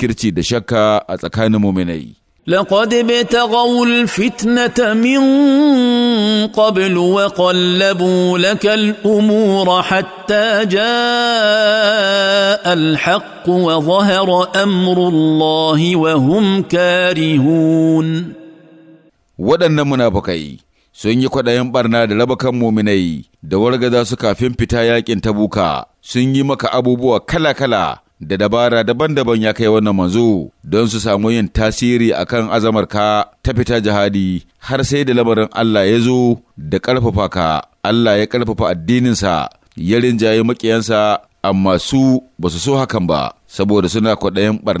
makirci da shakka a tsakanin muminai. لقد ابتغوا الفتنة من قبل وقلبوا لك الأمور حتى جاء الحق وظهر أمر الله وهم كارهون waɗannan munafukai sun yi kwaɗayin ɓarna da rabakan muminai da wargaza su kafin fita yaƙin tabuka sun yi maka abubuwa kala-kala da dabara daban-daban ya kai wannan manzo don su samu yin tasiri akan azamar ka ta fita jihadi har sai da lamarin Allah ya zo da ƙarfafa ka Allah ya ƙarfafa addininsa ya rinjaye maƙiyansa amma su ba su so hakan ba saboda suna kwaɗayin ɓarna